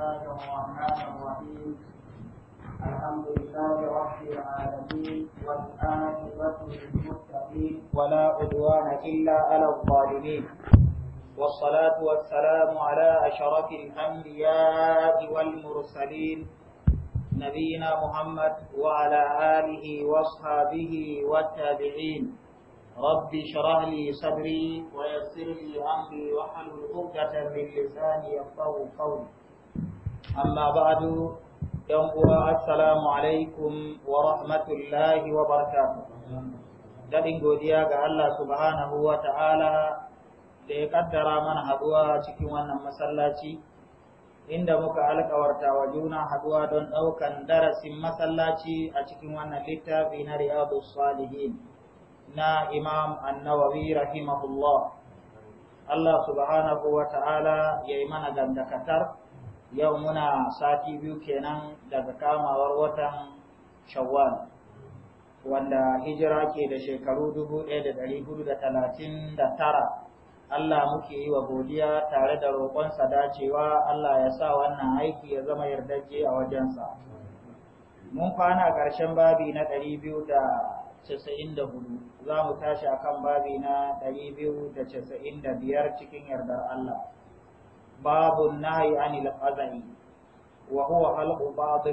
الله الرحمن الرحيم الحمد لله رب العالمين للمتقين ولا عدوان إلا على الظالمين والصلاة والسلام على أشرف الأنبياء والمرسلين نبينا محمد وعلى آله وأصحابه والتابعين رب اشرح لي صدري ويسر لي أمري واحلل عقدة من لساني يفقهوا قولي أما بعد ينقر السلام عليكم ورحمة الله وبركاته daɗin godiya ga Allah subhanahu wa ta'ala da ya kaddara mana haduwa cikin wannan masallaci inda muka alkawarta wa juna haduwa don ɗaukan darasin masallaci a cikin wannan littafi na riyadu salihin na imam annawawi rahimahullah Allah subhanahu wa ta'ala ya yi mana gandakatar yau muna sati biyu kenan daga kamawar watan shawwal wanda hijira ke da shekaru 1439 Allah muke yi wa godiya tare da roƙonsa dacewa Allah ya sa wannan aiki ya zama yardajje a wajensa mun kwana ƙarshen babi na 294 za mu tashi akan babi na 295 cikin yardar Allah babu النهي عن azani وهو حلق بعض ba'd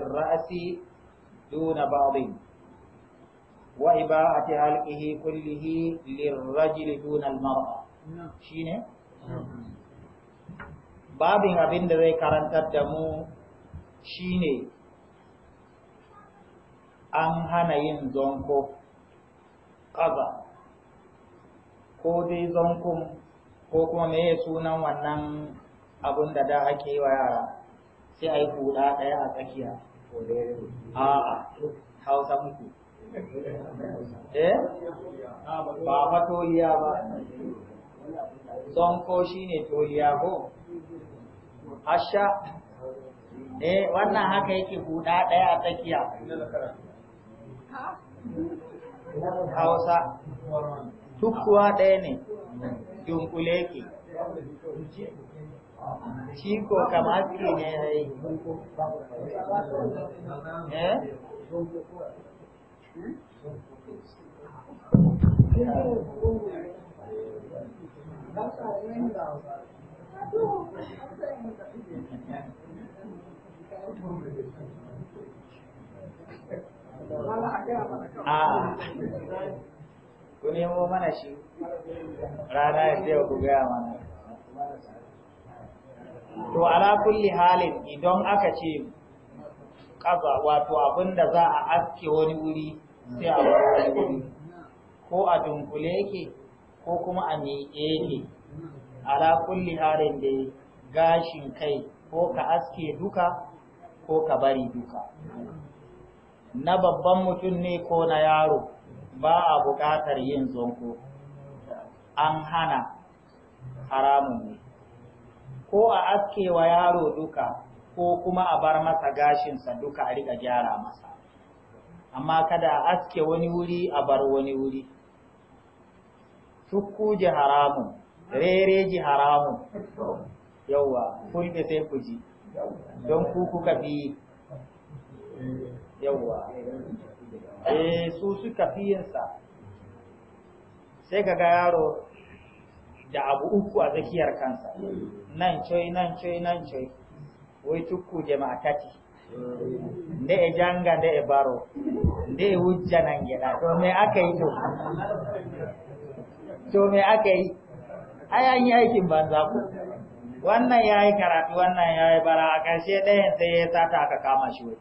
دون بعض duna حلقه كله للرجل دون kullihi lirrajuli babin abin da zai karantar da mu shine an hana yin zonko kaza ko dai zonkun ko kuma me sunan wannan abin da da ake yi wa yara sai a yi huda ɗaya a tsakiya a'a hausa muke eh ba fa toliya ba zonko shi ne toliya ko asha eh wannan haka yake huda ɗaya a tsakiya hausa tukkuwa ɗaya ne yunkule ke shi ko kama aski ne ya yi eh? ah. ku nemo mana shi rana ya ce ku gaya mana to ala kulli halin idan aka ce kaza wato abinda za a aske wani wuri sai a wani wuri ko a dunkule yake ko kuma a miƙe yake ala kulli halin da gashin kai ko ka aske duka ko ka bari duka na babban mutum ne ko na yaro ba a buƙatar yin zonko an hana haramun ne ko a askewa yaro duka ko kuma a bar masa gashinsa duka a riƙa gyara masa amma kada a aske wani wuri a bar wani wuri tukkuji haramun rereji haramun yauwa kulɓe sai ku ji don ku kuka fi yauwa eh su suka fi sai ka ga yaro da abu uku a tsakiyar kansa nan coi, nan coi, nan coy wai tukku jama'a tati nde e janga nde e baro nde e wujja nan gida to me aka yi to to me aka yi ai an yi aikin banza ku wannan ya yi karatu wannan ya yi bara a ƙarshe ɗayan sai ya sata aka kama shi wani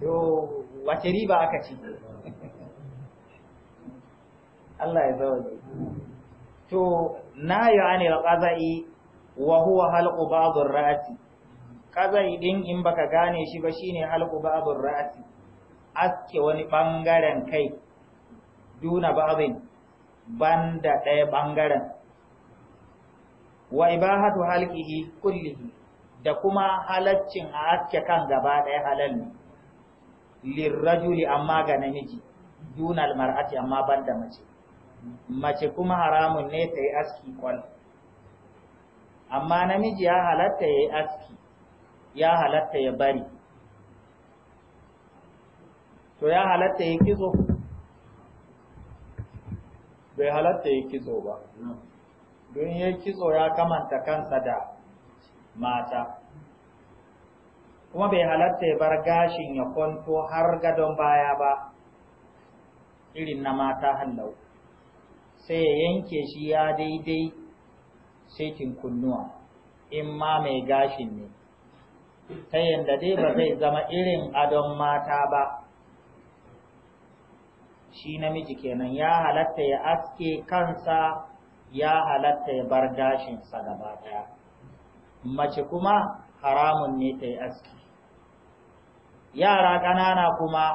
to wace riba aka ci Allah ya zaune to na yi anil ƙaza'i wa huwa halqu ba'dur ra'si ƙaza'i din in baka gane shi ba shine halqu ba'dur ra'si aske wani bangaren kai duna ba'din banda ɗaya bangaren wa ibahatu halqihi kullihi da kuma halaccin a aske kan gaba ɗaya halal ne lirrajuli amma ga namiji dunal mar'ati amma banda mace mace kuma haramun ne ta yi aski kwal amma namiji ya halatta ya yi aski ya halatta ya bari to ya halatta ya kizo bai halatta ya kizo ba don ya kizo ya kamanta kansa da mata kuma bai halatta ya bar gashin ya kwanto har gadon baya ba irin na mata hallau sai ya yanke shi ya daidai saitin kunnuwa in ma mai gashin ne ta yadda dai ba zai zama irin adon mata ba shi namiji kenan ya halatta ya aske kansa ya halatta ya bar gashinsa gaba daya mace kuma haramun ne ta yi aski yara ƙanana kuma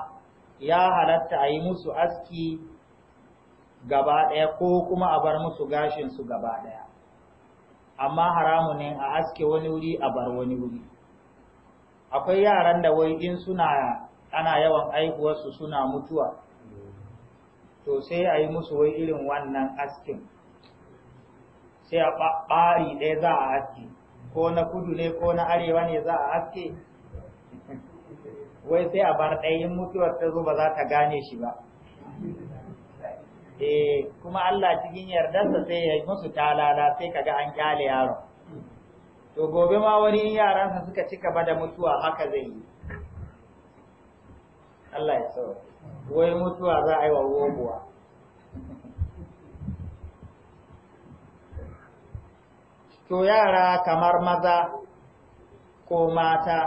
ya halatta a yi musu aski gaba ɗaya ko kuma a bar musu gashin su gaba ɗaya amma haramu ne a aske wani wuri a bar wani wuri akwai yaran da wai in suna ana yawan aihuwarsu suna mutuwa to sai a yi musu wai irin wannan askin sai a ɓari ɗaya za a aske ko na kudu ne ko na arewa ne za a aske wai sai a bar ɗayin mutuwar ta zo ba za ta gane shi ba eh kuma Allah cikin yardarsa sai ya musu talala sai kaga an kyale yaron to gobe ma wani yaransa suka cika ba da mutuwa haka zai yi Allah ya so wai mutuwa za a yi wa gobuwa to yara kamar maza ko mata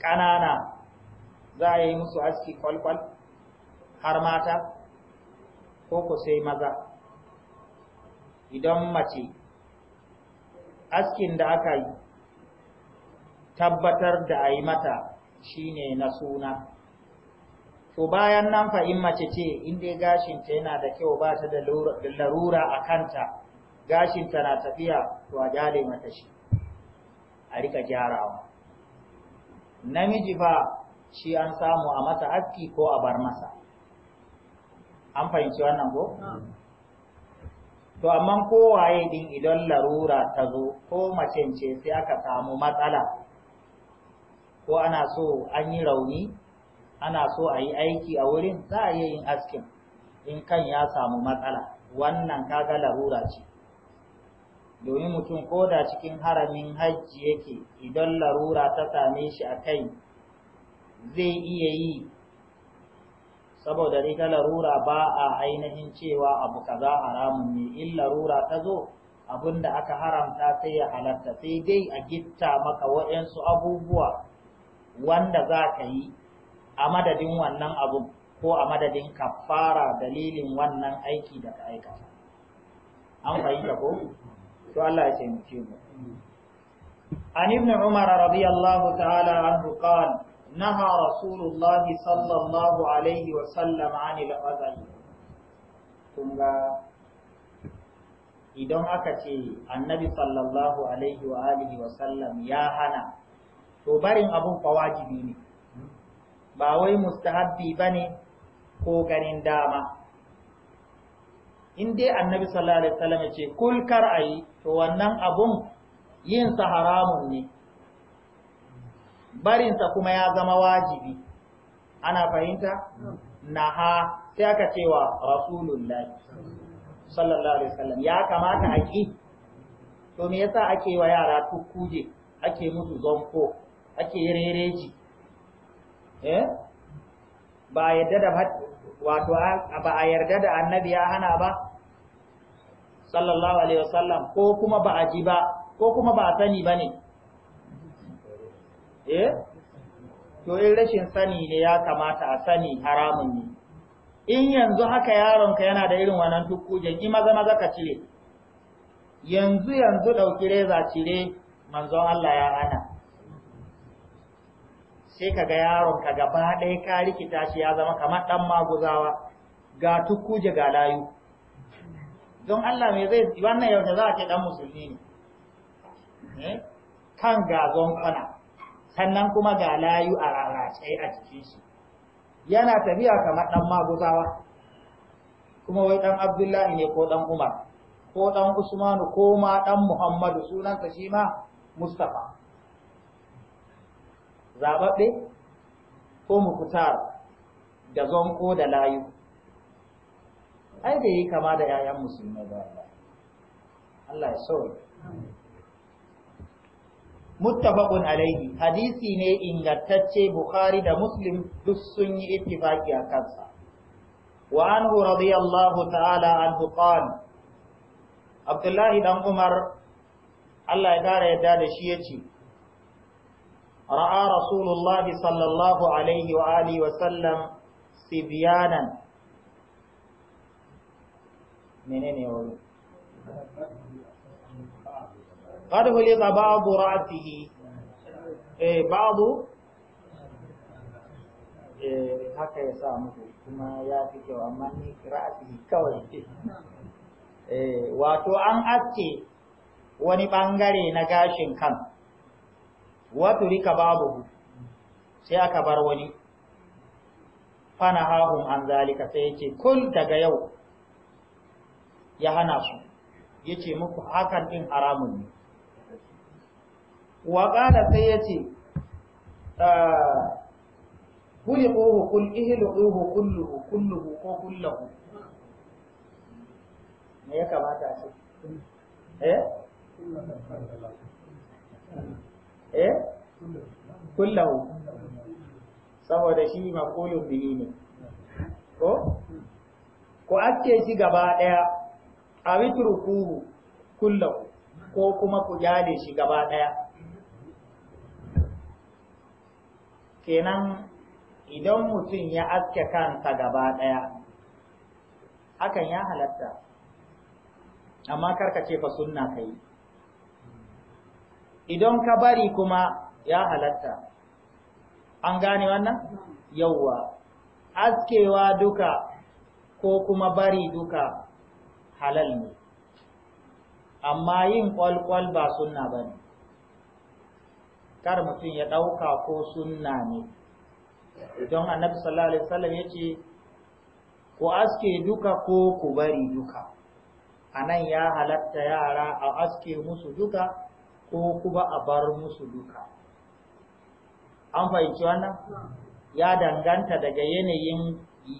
ƙanana za a yi musu aski kwalkwal har mata ko ku sai maza idan mace askin da aka yi tabbatar da a yi mata shine na suna to bayan nan fa in mace ce inda gashinta yana da kyau ba ta da larura a kanta gashinta na tafiya to a jale mata shi a rika gyarawa namiji fa shi an samu a mata aski ko a bar masa an fahimci wannan ko to amma kowaye din idan larura ta zo ko macence ce sai aka samu matsala ko ana so an yi rauni ana so a yi aiki a wurin za a yi yin askin in kan ya samu matsala wannan kaga larura ce domin mutum ko da cikin haramin hajji yake idan larura ta same shi a kai zai iya yi saboda ita larura ba a ainihin cewa abu kaza haramun ne in larura ta zo abin da aka haramta sai ya halatta sai dai a gitta maka waɗansu abubuwa wanda za ka yi a madadin wannan abu ko a madadin kafara dalilin wannan aiki da ka aikata an fahimta ko to Allah ya taimake mu an ibn umar radiyallahu ta'ala anhu qala نهى رسول الله صلى الله عليه وسلم عن الغزل kunga idan aka ce annabi sallallahu alaihi wa alihi wa sallam ya hana to barin abun fa wajibi ne ba wai mustahabbi bane ko ganin dama in dai annabi sallallahu alaihi wa sallam ya ce kul kar ayi to wannan abun yin sa haramun ne barinsa kuma ya zama wajibi ana fahimta naha sai aka cewa rasulullahi sallallahu alaihi wasallam ya kamata a ki to me yasa ake wa yara tukkuje ake musu zonko ake rereji eh ba yadda da wato ba a yarda da annabi ya hana ba sallallahu alaihi wasallam ko kuma ba a ji ba ko kuma ba a sani ba ne eh to in rashin sani ne ya kamata a sani haramun ne in yanzu haka yaronka yana da irin wannan tukujen, in maza maza ka cire yanzu yanzu ɗauki reza cire manzon Allah ya ana. sai kaga yaronka gaba ɗaya ka rikita shi ya zama kamar ɗan maguzawa ga tukkuje ga layu don Allah me zai wannan yaushe za a ce ɗan musulmi ne eh? kan gazon kwana sannan kuma ga layu a rarrace a jikin shi yana tafiya kamar ɗan maguzawa kuma wai ɗan abdullahi ne ko dan umar ko ɗan usmanu ko ma ɗan muhammadu sunansa shi ma mustapha zaɓaɓɓe ko mukutar da zonko da layu ai da yi kama da 'ya'yan musulmai da Allah ya sauri muttafaqun alaihi hadisi ne ingantacce bukhari da muslim duk sun yi ittifaki a kansa wa anhu radiyallahu ta'ala anhu qala abdullahi dan umar Allah ya kara yadda da shi yace ra'a rasulullahi sallallahu alaihi wa alihi wa sallam sibyanan menene wani قد غلط بعض رأسه بعض haka ya sa muku kuma ya fi kyau amma ni kira'ati kawai eh, wato an aske wani bangare na gashin kan wato rika babu sai aka bar wani fana hahun an zalika sai yake kun daga yau ya hana su yace muku hakan din haramun ne wa qala sai yace ah, kuliquhu kul ihluhu kulluhu kulluhu ko kulluhu me ya kamata a ce eh eh kullahu saboda shi maqulun bihi ne ko ko ake shi gaba daya a witruku kullahu ko kuma ku jale shi gaba daya kenan idan mutum ya aske kansa gaba ɗaya hakan ya halatta amma karka ce fa sunna kai idan ka bari kuma ya halatta an gane wannan yauwa askewa duka ko kuma bari duka halal ne amma yin kwalkwal ba sunna ba ne kar mutum ya ɗauka ko sunna ne don annabi sallallahu alaihi wasallam ya ce ku aske duka ko ku bari duka a nan ya halatta yara a aske musu duka ko kuma a bar musu duka an fahimci wannan ya danganta daga yanayin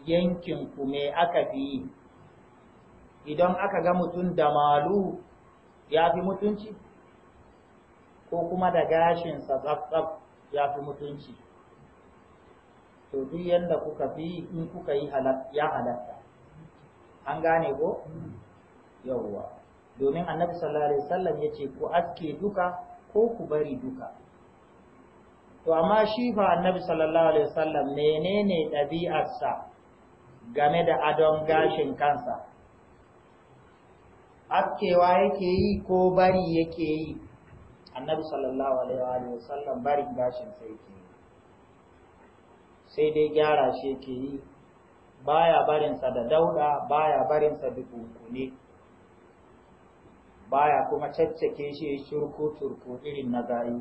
yankin ku me aka fi yi idan aka ga mutum da malu ya fi mutunci ko kuma da gashinsa tsaf-tsaf ya fi mutunci to duk yadda kuka fi in kuka yi ya halatta an gane ko yawwa domin annabi sallallahu alaihi wasallam ya ce ku aske duka ko ku bari duka to amma shi fa annabi sallallahu alaihi wasallam menene ɗabi'arsa game da adon gashin kansa askewa yake yi ko bari yake yi annabi sallallahu alaihi wa sallam barin gashin sai ke sai dai gyara shi ke yi baya barinsa da dauda baya barinsa da kunkune baya kuma caccake shi shurku turku irin na gayi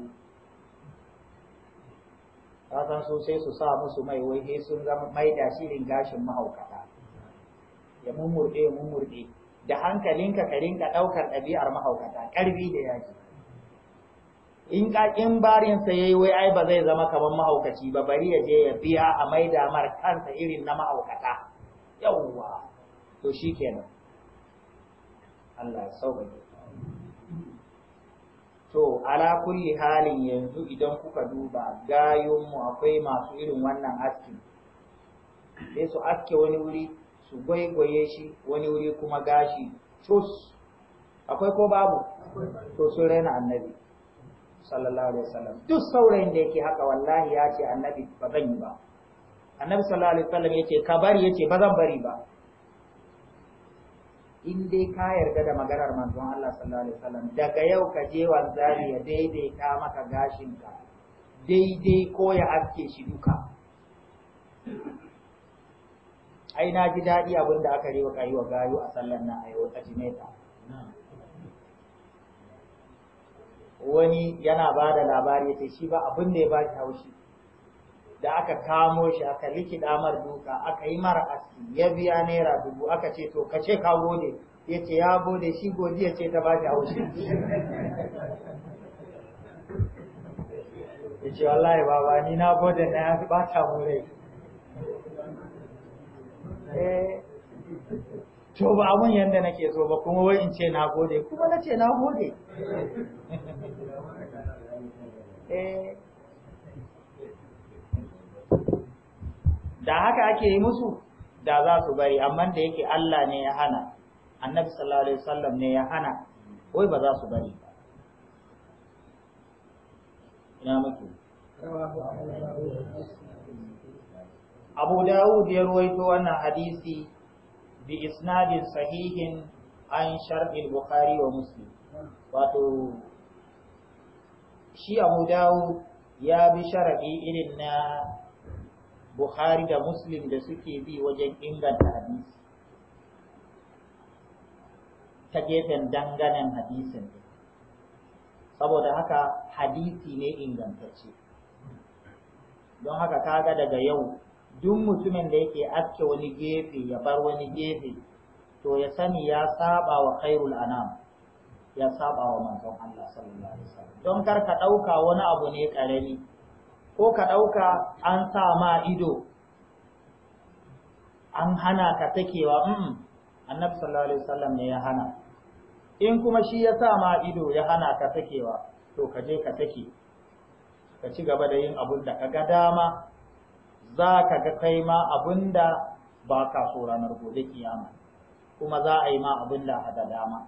kasan so sai su sa musu mai wai sai sun zama mai da shirin gashin mahaukata ya mummurde ya mummurde da hankalinka ka rinka ɗaukar ɗabi'ar mahaukata ƙarfi da yaki in in barin sa yayi wai ai ba zai zama kaman mahaukaci ba bari ya je ya biya a maida mar kansa irin na mahaukata yawwa to shikenan Allah ya sauke to ala kulli halin yanzu idan kuka duba gayon mu akwai masu irin wannan aski sai su aske wani wuri su gwaigwaye shi wani wuri kuma gashi cus akwai ko babu to sun raina annabi sallallahu alaihi wasallam duk saurayin da yake haka wallahi ya ce annabi ba zan yi ba annabi sallallahu alaihi wasallam yace ka bari yace ba zan bari ba in dai ka yarda da maganar manzon Allah sallallahu alaihi wasallam daga yau ka je wanzari ya daidaita maka gashinka daidai ko ya aske shi duka ai na ji daɗi abin da aka yi wa kayi wa gayu a sallan nan a yau ta Jimeta wani yana ba da labari ya ce shi ba abin da ya ba shi haushi da aka kamo shi aka liki damar duka aka yi mara aski ya biya naira dubu aka ce to ka ce ka gode ya ce ya gode shi gode ya ce ta ba shi haushi ya ce wallahi baba ni na gode na ya ba ta mu rai eh. to ba abun yadda nake so ba kuma wai in ce na gode kuma na ce na gode eh. da haka ake yi musu da za su bari amma da yake Allah ne ya hana annabi sallallahu alaihi wasallam ne ya hana wai ba za su bari ba ina muke Abu Dawud ya ruwaito wannan hadisi bi isnadin sahihin an shar'il bukhari wa muslim wato shi abu dawo ya bi sharaɗi irin na bukhari da muslim da suke bi wajen inganta hadisi ta gefen danganan hadisin saboda haka hadisi ne ingantacce don haka kaga daga yau duk mutumin da yake aske wani gefe ya bar wani gefe to ya sani ya saba wa khairul anam ya saba wa manzon Allah sallallahu alaihi wasallam don kar ka dauka wani abu ne karami ko ka dauka an sa ma ido an hana ka takewa mm annabi sallallahu alaihi wasallam ne ya hana in kuma shi ya sa ma ido ya hana ka takewa to ka je ka take ka ci gaba da yin abun da ka ga dama za ka ga kai ma abin da ba ka so ranar gobe kiyama kuma za a yi ma da a da dama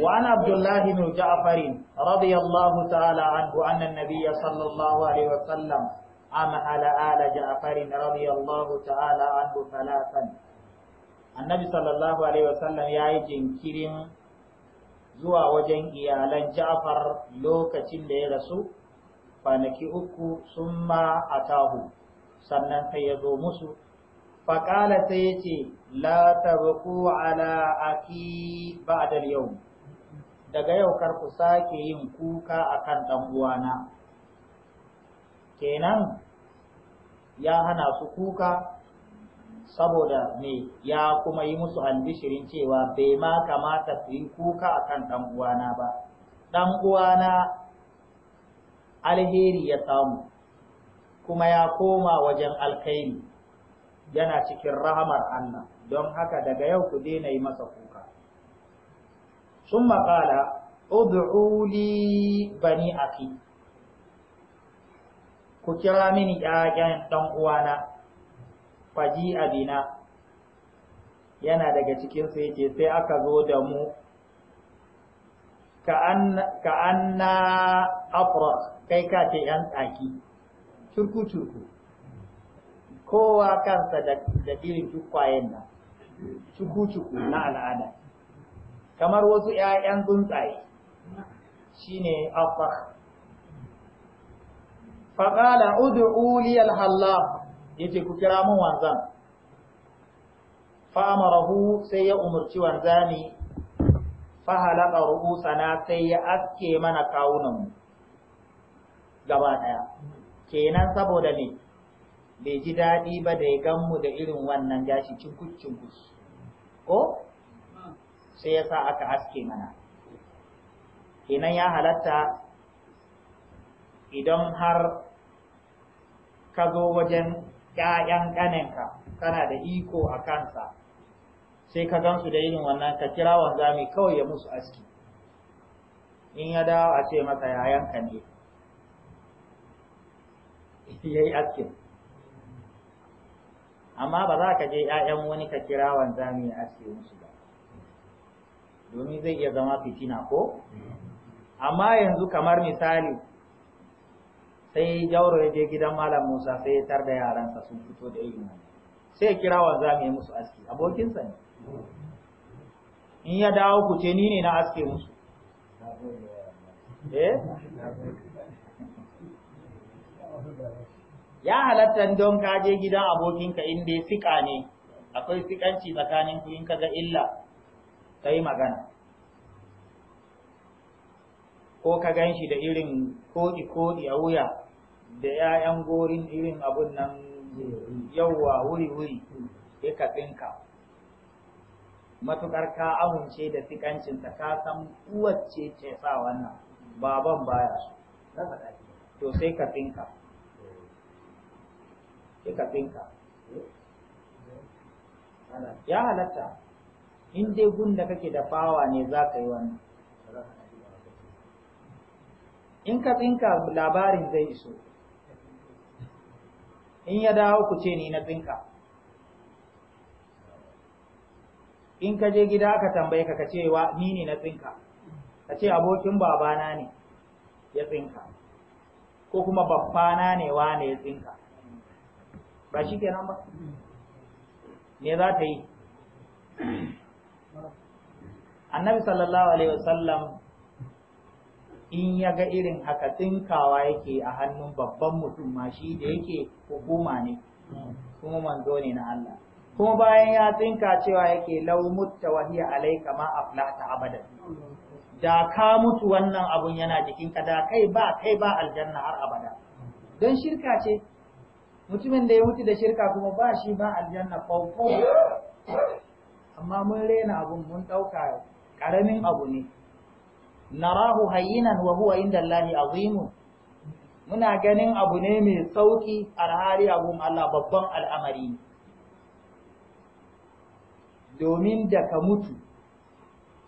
وعن عبد الله بن جعفر رضي الله تعالى عنه أن النبي صلى الله عليه وسلم عمل آل جعفر رضي الله تعالى عنه annabi sallallahu alaihi wasallam ya yi jinkirin zuwa wajen iyalan ja'far lokacin da ya rasu kwanaki uku sun ma a tahu sannan sai ya zo musu faƙala sai ya ce la tarku ala a dal yau daga yau kar ku sake yin kuka a ɗan uwana kenan ya hana su kuka saboda me ya kuma yi musu albishirin cewa bai ma kamata su yi kuka akan ɗan uwana ba ɗan uwana alheri ya samu kuma ya koma wajen alkhairi yana cikin rahamar Allah don haka daga yau ku daina yi masa kuka sun maƙala ud'uli bani aki ku kira mini ƴaƴan ɗan uwana faji abina yana daga cikin su yake sai aka zo da mu ka anna afraq kai ka ce yan tsaki turku turku kowa kansa da irin tukwayen nan cuku cuku na al'ada kamar wasu 'ya'yan tsuntsaye shine afa. faƙala ud'u li al ya ce ku kira mun wanzan fa'amarahu sai ya umarci wanzani fa rubu sana sai ya aske mana kawunanmu. mu gaba ɗaya kenan saboda me bai ji daɗi ba da ya ganmu da irin wannan gashi cinkus-cinkus ko sai ya sa aka aske mana kenan ya halatta idan har ka zo wajen ‘ya'yan ka kana da iko a kansa sai ka gansu da irin wannan ka kira wanzami kawai ya musu aski in ya dawo a ce masa yayanka ne shi yi askin amma ba za ka je 'ya'yan wani ka kira wanzami ya aske musu ba domin zai iya zama fitina ko amma yanzu kamar misali sai jauro ya je gidan malam musa sai ya tar yaransa sun fito da irin sai ya kira wanzami ya musu aski abokinsa ne in ya dawo ku ce ni ne na aske musu eh ya halatta don ka je gidan abokinka in dai sika ne akwai sikanci tsakanin ku in kaga illa kai magana ko ka gan shi da irin koɗi koɗi a wuya da 'ya'yan gorin irin abun nan yauwa wuri wuri ya ka tsinka matukar ka amince da ta ka san uwace ce sa wannan baban baya to sai ka tsinka ɗinka ya halatta in dai da kake da fawa ne za ka yi wannan in ka tsinka labarin zai iso in ya dawo ku ce ni na tsinka in ka je gida ka tambaye ka ka ce wa ni ne na tsinka ka ce abokin babana ne ya tsinka ko kuma babbana ne wa ne ya tsinka ba shi nan ba me za ta yi annabi sallallahu alaihi wasallam in ya ga irin haka tsinkawa yake a hannun babban mutum ma shi da yake hukuma ne kuma manzo ne na Allah kuma bayan ya tsinka cewa yake lau mutta wahiya alaika ma aflata abadan da ka mutu wannan abun yana jikinka da kai ba kai ba aljanna har abada don shirka ce mutumin da ya mutu da shirka kuma ba shi ba aljanna faufau amma mun rena abun mun ɗauka ƙaramin abu ne narahu hayyinan wa huwa inda Allahi azimu muna ganin abu ne mai sauki alhari abun Allah babban al'amari domin da ka mutu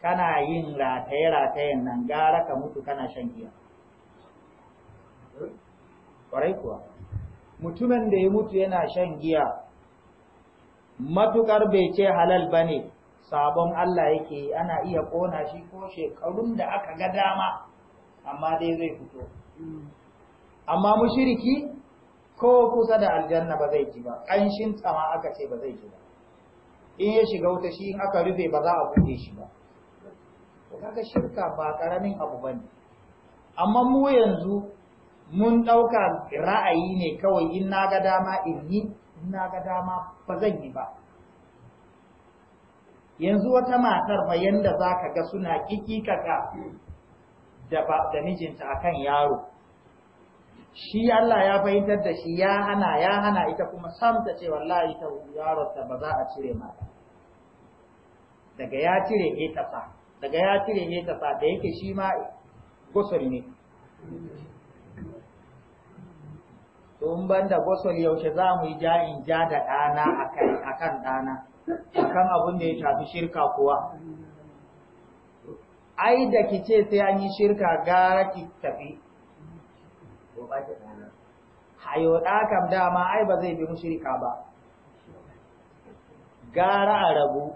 kana yin rataye-ratayen nan gara ka mutu kana shan giya ƙwarai kuwa mutumin da ya mutu yana shan giya matukar bai ce halal ba ne sabon Allah yake ana iya kona shi ko shekarun da aka ga dama amma dai zai fito amma mushiriki ko kusa da aljanna ba zai ji ba ƙanshin tsama aka ce ba zai ji ba in ya shiga wuta shi in aka rufe ba za a buɗe shi ba kaga shirka ba ƙaramin abu ba ne amma mu yanzu mun ɗauka ra'ayi ne kawai in na ga dama in yi in na ga dama ba zan yi ba yanzu wata matar ba yanda za ka ga suna kikikaka da mijinta akan yaro shi Allah ya fahimtar da shi ya hana ya hana ita kuma samta ce wallahi ta yaronta ba za a cire mata daga ya cire daga ya cire da yake shi ma gusuri ne in ban da gosol yaushe za mu yi ja'in ja da ɗana a kan ɗana a kan abin da ya shafi shirka kuwa ai da ki ce sai an yi shirka gara ki tafi hayo ɗakam dama ai ba zai bi mu shirka ba gara a rabu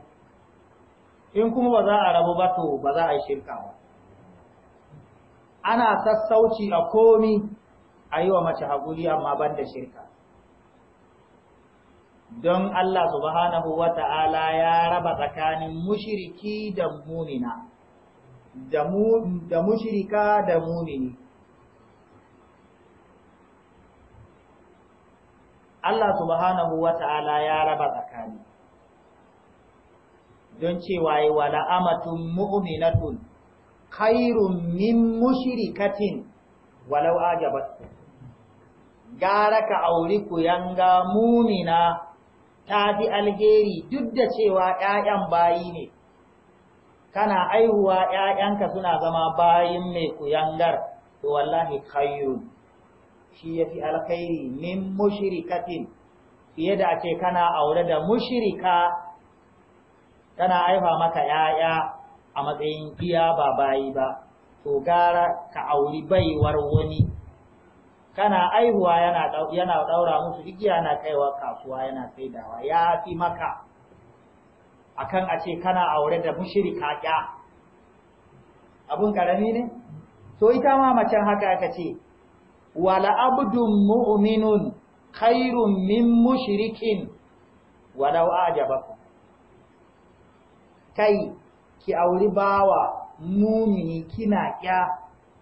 in kuma ba za a rabu ba to ba za a yi shirka ba ana sassauci a komi a yi wa mace haƙuri amma ban da shirka don Allah subhanahu wa ta'ala ya raba tsakanin mushiriki da mumina da mushirika da mumini Allah subhanahu wa ta'ala ya raba tsakani don cewa yi wala amatun mu'minatun khairun min mushirikatin walau ajabatkum gara ka auri kuyanga mumina ta fi alheri duk da cewa ‘ya'yan bayi ne, kana aihuwa ‘ya'yanka suna zama bayin mai kuyangar, to wallahi kayyun shi ya fi alkhairi min mushrikatin fiye da ake kana aure da mushrika kana aifa maka ‘ya'ya a matsayin iya ba bayi ba, to gara ka auri baiwar wani. kana aihuwa yana yana daura musu igiya na kaiwa kasuwa yana saidawa ya fi maka akan a ce kana aure da mushrika kya abun karami ne to ita ma macen haka aka ce wala abdun mu'minun khairun min mushrikin walau ajabakum kai ki auri bawa mumini kina kya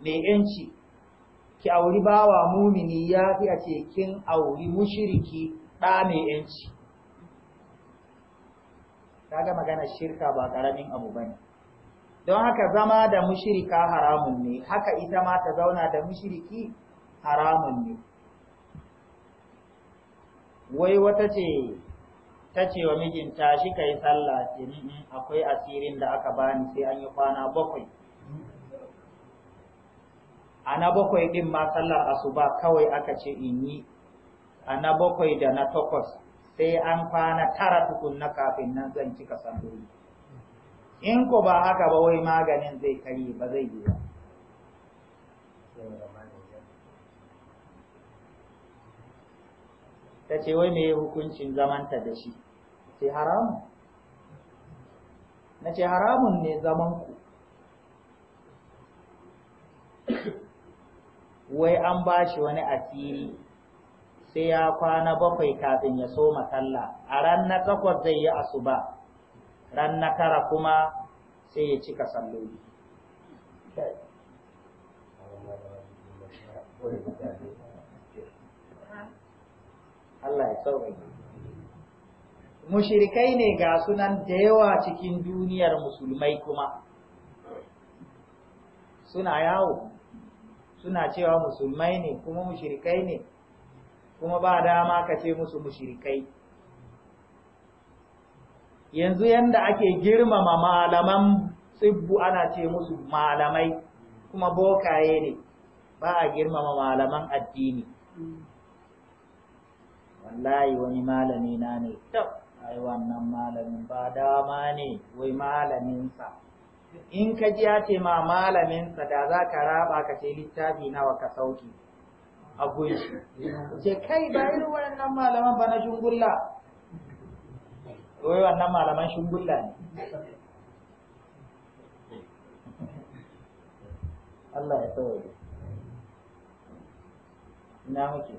mai yanci ki auri bawa mumini ya fi a ce kin auri mushiriki ɗa mai yanci kaga magana shirka ba ƙaramin abu bane don haka zama da mushirika haramun ne haka ita ma ta zauna da mushiriki haramun ne wai wata ce ta ce wa mijinta shi ka yi sallah ce akwai asirin da aka bani sai an yi kwana bakwai Ana bakwai ɗin ma sallar asuba kawai aka ce in yi a na bakwai da na takwas sai an kwana tara tukunna kafin nan zan cika sanduri in ko ba haka ba wai maganin zai kari ba zai yi ba ta ce wai mai hukuncin zamanta da shi ce haramu na ce haramun ne zamanku wai an ba shi wani asiri sai ya kwana bakwai kafin ya so masalla a ran na takwas zai yi asuba ran na tara kuma sai ya cika salloli Allah ya mushirikai ne ga sunan da yawa cikin duniyar musulmai kuma suna yawo suna cewa musulmai ne kuma mushirikai ne kuma ba dama ka ce musu mushirikai. yanzu yanda ake girmama malaman tsibbu ana ce musu malamai kuma bokaye ne ba a girmama malaman addini wallahi wani malami na ne tab ai wannan malamin ba dama ne wai malaminsa in ka ji ya ce ma malaminsa da za ka raba ka ce littafi nawa ka sauki a gunshi ce kai ba irin waɗannan malaman ba na shungulla wai wannan malaman shungulla ne Allah ya tsawaye ina muke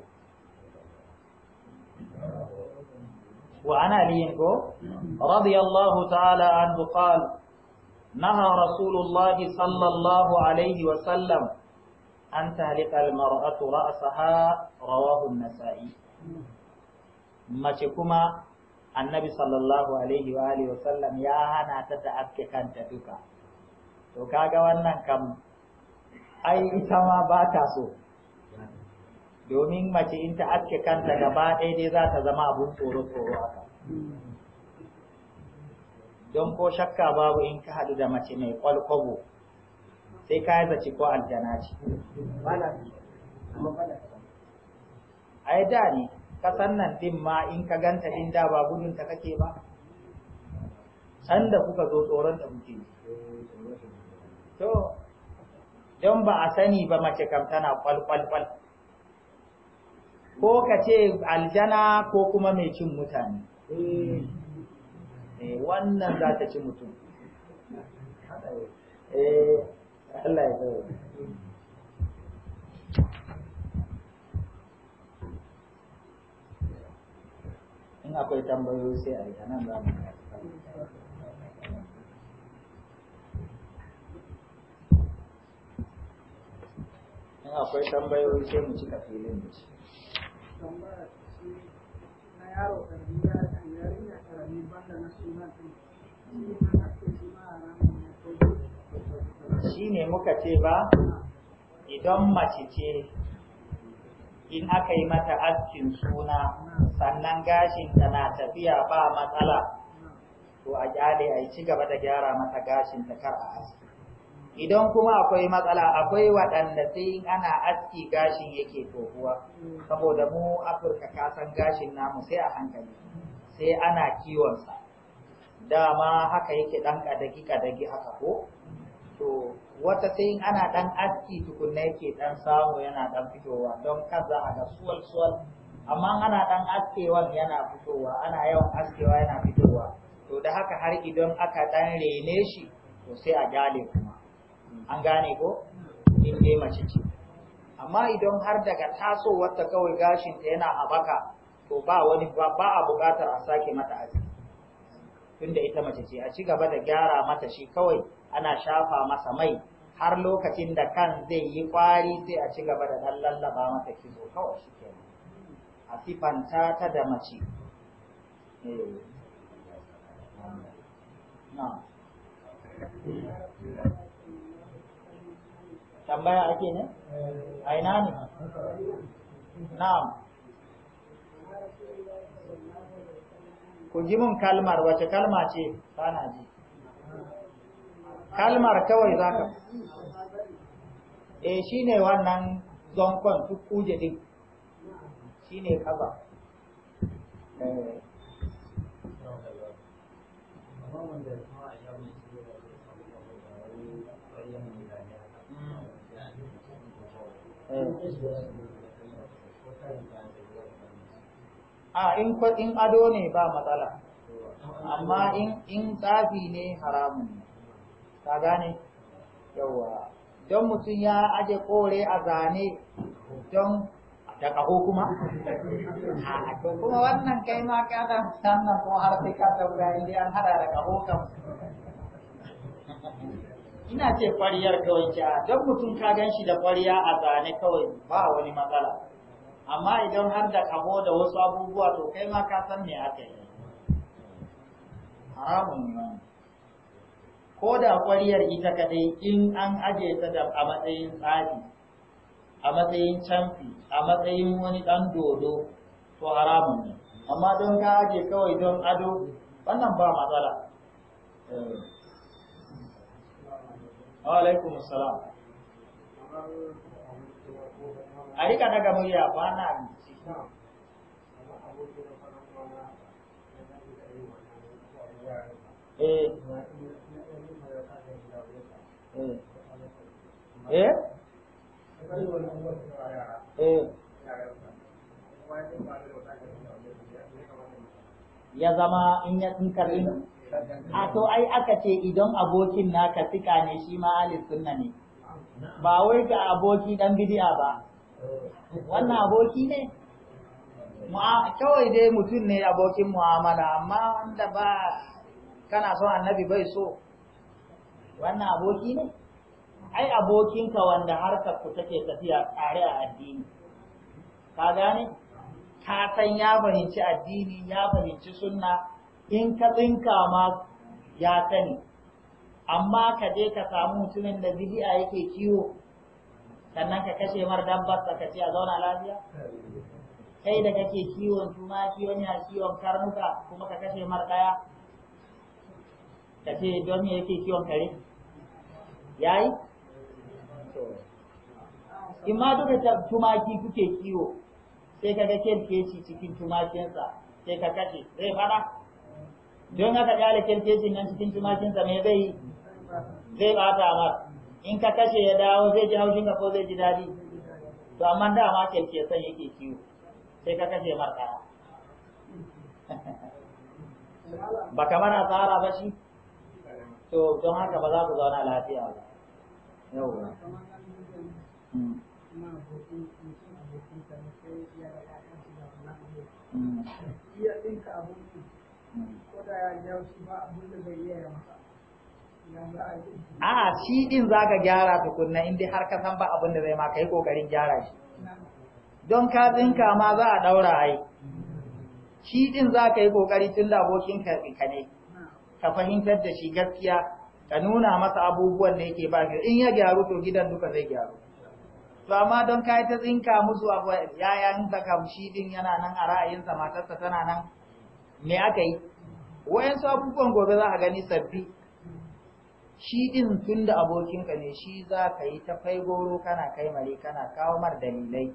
وعن علي رضي الله تعالى عنه قال نهى رسول الله صلى الله عليه وسلم أن تهلك المرأة رأسها رواه النسائي ما تكما النبي صلى الله عليه وآله وسلم يا هنا تتأكد كان تتكا to kaga wannan kam ai ita ma ba ta so domin mace in ta aske kanta gaba ɗaya dai za ta zama abun tsoro tsoro haka don ko shakka babu in ka haɗu da mace mai kwalkwabo sai ka yi zaci ko aljana ce a yi da ne kasan nan din ma in ka ganta din da ba gudun ta kake ba can da kuka zo tsoron da kuke don ba a sani ba mace kam tana kwalkwalkwal ko ka ce aljana ko kuma mai cin mutane eh. ne eh, wannan za ta ci mutum eh, Allah in akwai tambayoyi sai a yi a nan za mu in akwai tambayoyi sai mu ci cika filin da shi na yaro ɗan shi ne muka ce ba idan mace ce in aka yi mata askin suna sannan gashin na tafiya ba matsala to a gyale a ci gaba da gyara mata gashin kar a aski idan kuma akwai matsala akwai waɗanda sai ana aski gashin yake tohuwa saboda mu afirka kasan gashin namu sai a hankali sai ana kiwon kiwonsa dama haka yake ɗan ƙadagi ƙadagi haka ko to wata sai ana ɗan aski tukunna yake ɗan samu yana ɗan fitowa don kaza a ga suwal suwal amma ana ɗan askewan yana fitowa ana yawan askewa yana fitowa to da haka har idan aka ɗan rene shi to sai a gyale kuma an gane ko in dai mace ce amma idan har daga tasowar ta kawai gashin ta yana habaka to ba wani ba a buƙatar a sake mata azumi tunda ita mace ce a ci gaba da gyara mata shi kawai ana shafa masa mai har lokacin da kan zai yi kwari sai a ci gaba da ɗan lallaba mata kizo kawai shi ke a sifanta ta da mace eh. tambaya ake ne? aina ne? na'am ku ji mun kalmar wace kalma ce bana ji kalmar kawai za ka e shi ne wannan zonkon duk kuje din shi kaba Thank eh. eh. a in in ado ne ba matsala amma in in tsafi ne haramun ka gane yawa don mutum ya aje kore a zane don da kaho kuma to kuma wannan kai ma ka da sannan kuma har sai ka taura inda an hada da kaho kam ina ce kwariyar kawai ta don mutum ka gan shi da kwariya a zane kawai ba wani matsala amma idan har da kabo da wasu abubuwa to kai ma ka san me aka yi haramun ne ko da ƙwariyar ita kadai in an aje ta da a matsayin tsari a matsayin canfi a matsayin wani ɗan dodo to haramun ne amma don ka aje kawai don ado wannan ba matsala eh. alaikum salam a rika daga murya ba na eh eh eh ya zama in ya tsinkari a to ai aka ce idan abokin naka sika ne shi ma alif sunna ne ba wai ga aboki dan bidiya ba wannan aboki ne kawai dai mutum ne abokin mu'amala amma wanda ba kana son annabi bai so wannan aboki ne ai abokinka wanda ka ku take tafiya tare a addini ka gane ka san ya fahimci addini ya fahimci sunna in ka tsinka ma ya sani amma ka je ka samu mutumin da a yake kiwo sannan ka kashe mar dabbar ka ce a zauna lafiya kai da kake kiwon tumaki wani a kiwon karnuka kuma ka kashe mar daya ka ce don me yake kiwon kare yayi in ma duka tumaki kuke kiwo sai ka ga kyan cikin tumakinsa sai ka kashe zai fada don haka kyale kyalkecin nan cikin tumakinsa me zai zai bata ma in ka kashe ya dawo zai ji haushin ka ko zai ji daɗi to amma dama kyalkecen yake kiwo sai ka kashe mar ɗaya ba kamar tsara ba shi to don haka ba za ku zauna lafiya ba yauwa Mm. A'a shi din za ka gyara tukunna in dai har ka san ba abin da zai ma ka yi ƙoƙarin gyara shi. Don ka tsinka ma za a ɗaura ai. Shi din za ka yi ƙoƙari tun da abokin ka ne. Ka fahimtar da shi gaskiya ka nuna masa abubuwan da yake ba in ya gyaru to gidan duka zai gyaru. To amma don ka yi ta tsinka musu abu yayan ka kam shi din yana nan a ra'ayinsa matarsa tana nan me aka yi? Wayan sabubban gobe za a gani sabbi shi din tun da abokinka ne shi za ka yi ta fai goro kana kai mare kana kawo mar dalilai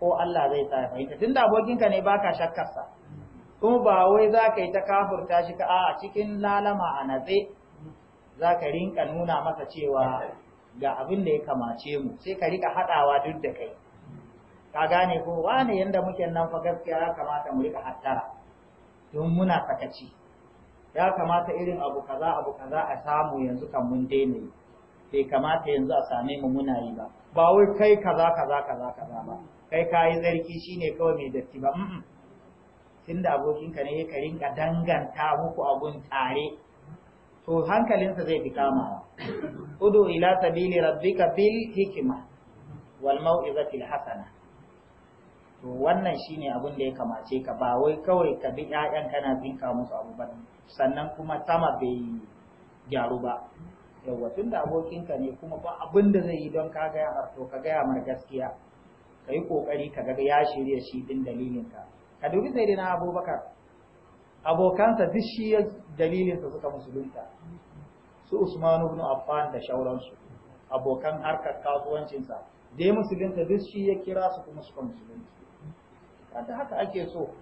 ko Allah zai sa fahimta tun da abokinka ne baka shakkarsa kuma ba wai za ka yi ta kafurta shi ka a cikin lalama a natse za ka rinka nuna masa cewa ga abin da ya kamace mu sai ka rika haɗawa duk da kai ka gane ko wane yanda muke nan fa gaskiya ya kamata mu rika hattara don muna sakaci ya kamata irin abu kaza abu kaza a samu yanzu kan mun daina yi bai kamata yanzu a same mu muna yi ba ba wai kai kaza kaza kaza kaza ba kai kayi zarki shine kawai mai datti ba tunda abokinka ne ka rinka danganta muku abun tare to hankalinsa zai fi kamawa udu ila sabili rabbika bil hikma wal mau'izati al hasana to wannan shine abin da ya kamace ka ba wai kawai ka bi ƴaƴan kana binka musu abu ba sannan kuma sama bai gyaru ba yawwa tunda abokinka ne kuma ba abin da zai yi don ka gaya ya to ka gaya mar gaskiya ka kokari ka ga ya shirya shi din dalilin ka ka dubi sai na abubakar abokansa duk shi dalilin sa suka musulunta su usman ibn affan da shauransu abokan harkar kasuwancinsa dai musulunta duk shi ya kira su kuma suka musulunta kada haka ake so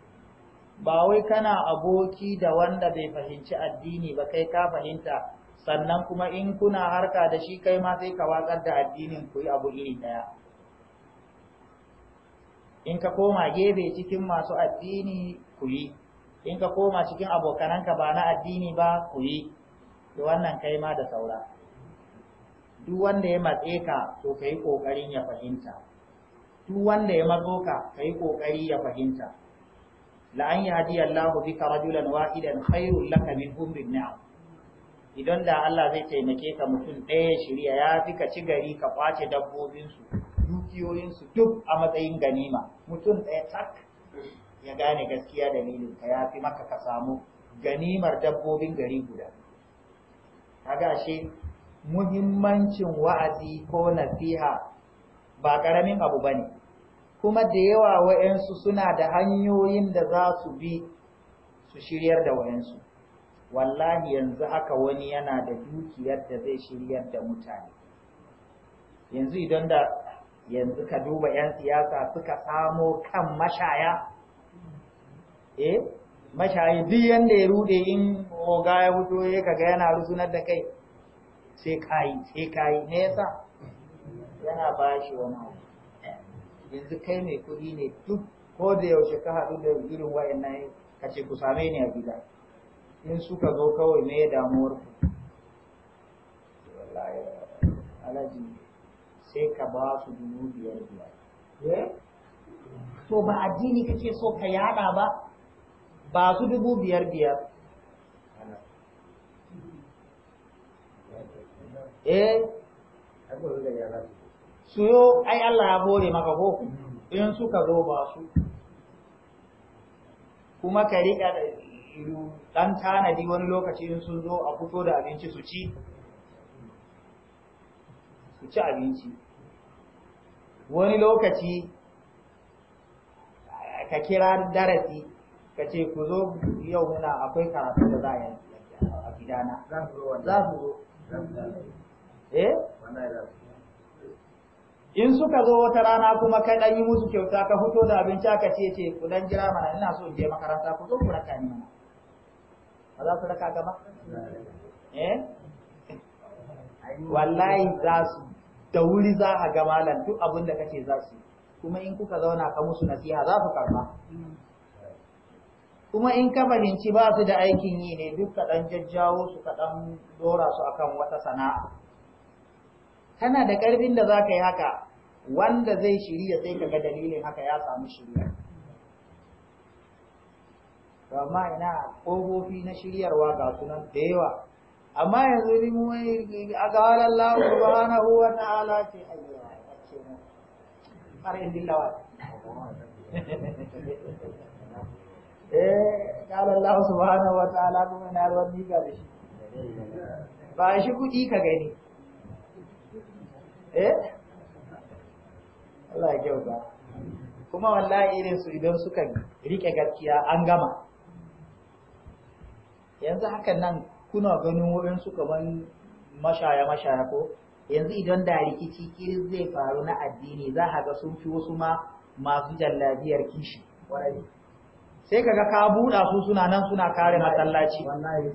ba wai kana aboki da wanda bai fahimci addini ba kai ka fahimta sannan kuma in kuna harka da shi kai ma sai ka wakar da addinin ku yi abu iri daya in ka koma gefe cikin masu addini ku yi in ka koma cikin abokananka ba na addini ba ku yi da wannan kai ma da saura duk wanda ya matse ka to ka yi ya fahimta duk wanda ya mazo ka yi kokari ya fahimta la an yahdi Allahu bika rajulan wahidan khairu laka min humrin na'am idan da Allah zai taimake ka mutum ɗaya shirya ya fi ka ci gari ka kwace dabbobinsu dukiyoyinsu duk a matsayin ganima mutum ɗaya tak ya gane gaskiya dalilin ka ya fi maka ka samu ganimar dabbobin gari guda kaga shi muhimmancin wa'azi ko nasiha ba ƙaramin abu bane ne kuma da yawa wa'yansu suna da hanyoyin da za su bi su shiryar da wa'yansu wallahi yanzu aka wani yana da dukiyar da zai shiryar da mutane yanzu idan da yanzu ka duba 'yan siyasa suka samo kan mashaya eh mashayi duk yanda ya rude in oga ya fito ya kaga yana rusunar da kai sai kayi sai kayi me yasa yana bashi wani abu yanzu kai mai kuɗi ne duk ko da yaushe ka haɗu da irin wayannan ka ce ku same ni a gida in suka zo kawai me ya damuwar ku alaji sai ka ba su dubu biyar biyar eh? to ba addini kake so ka yada ba ba su dubu biyar biyar eh Su yo, ai Allah ya bore maka ko in suka zo ba su kuma ka riƙa ɗan tanadi wani lokaci in sun zo a fito da abinci su ci su ci abinci wani lokaci ka kira darasi ka ce ku zo yau muna akwai karatu da za a yi a gidana za su zo eh in suka zo wata rana kuma kai dan yi musu kyauta ka fito da abinci ka ce ce ku dan jira mana ina so je makaranta ku zo ku raka ni mana ba za su raka gaba eh wallahi za su da wuri za a ga malam duk abin da kace za su kuma in kuka zauna ka musu nasiha za su karba kuma in ka fahimci ba su da aikin yi ne duk ka dan jajjawo su ka dan dora su akan wata sana'a kana da ƙarfin da za ka yi haka wanda zai shirya sai kaga dalilin haka ya samu shirya to amma ina ƙofofi na shiryarwa ga sunan da yawa amma yanzu ni mu a ga Allah subhanahu wa ta'ala ce ayyuwa ce mu har in dillawa eh qala Allah subhanahu wa ta'ala kuma na ruwan diga da shi ba shi kudi ka gani eh Allah ya kyauta kuma wallahi irin su idan suka rike gaskiya an gama yanzu hakan nan kuna ganin wurin su kaman mashaya mashaya ko yanzu idan da rikici kiris zai faru na addini za a ga sun fi wasu ma masu jallabiyar kishi sai kaga ka buɗa su suna nan suna kare masallaci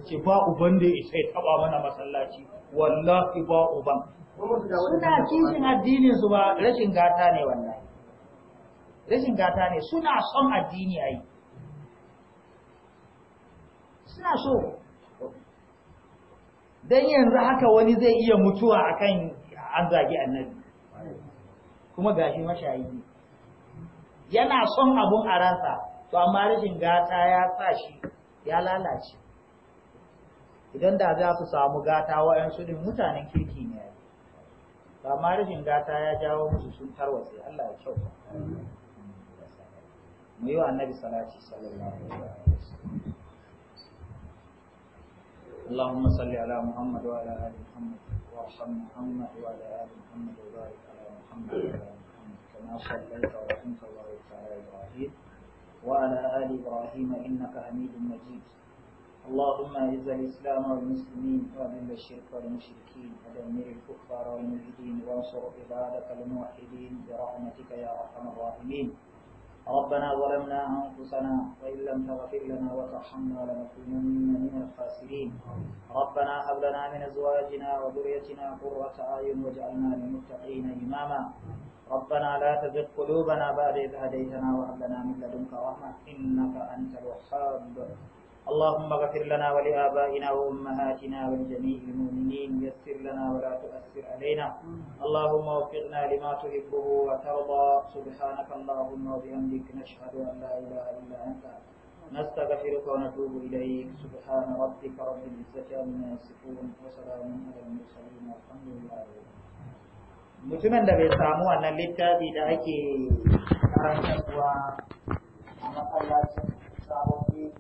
ce ba uban da ya taba mana masallaci wallahi ba uban suna kishin addinin su ba rashin gata ne wannan rashin gata ne suna son addini ai suna so dan yanzu haka wani zai iya mutuwa akan an zagi annabi kuma gashi mashayi yana son abun a ransa to amma rashin gata ya sa shi ya lalace idan da za su samu gata su din mutanen kirki ne ba ma rashin ya jawo musu sun tarwatsa Allah ya kyau mu yi wa annabi salati sallallahu alaihi wasallam Allahumma salli ala Muhammad wa ala ali wa sallim Muhammad wa ala ali Muhammad wa barik ala Muhammad wa ala ali Muhammad kama sallaita wa rahimta Allahu ta'ala Ibrahim wa ala ali Ibrahim innaka Hamidum Majid اللهم اعز الاسلام والمسلمين واذل الشرك والمشركين ودمر الكفار والملحدين وانصر عبادك الموحدين برحمتك يا ارحم الراحمين ربنا ظلمنا أنفسنا وإن لم تغفر لنا وترحمنا لنكونن من الخاسرين ربنا هب لنا من أزواجنا وذريتنا قرة أعين واجعلنا للمتقين إماما ربنا لا تزغ قلوبنا بعد إذ هديتنا وهب لنا من لدنك رحمة إنك أنت الوهاب اللهم اغفر لنا ولآبائنا وأمهاتنا ولجميع المؤمنين يسر لنا ولا تؤثر علينا اللهم وفقنا لما تحبه وترضى سبحانك اللهم وبحمدك نشهد أن لا إله إلا أنت نستغفرك ونتوب إليك سبحان ربك رب العزة عما يصفون وسلام على المرسلين والحمد لله mutumin da bai samu wannan littafi da ake karantarwa a masallacin sabon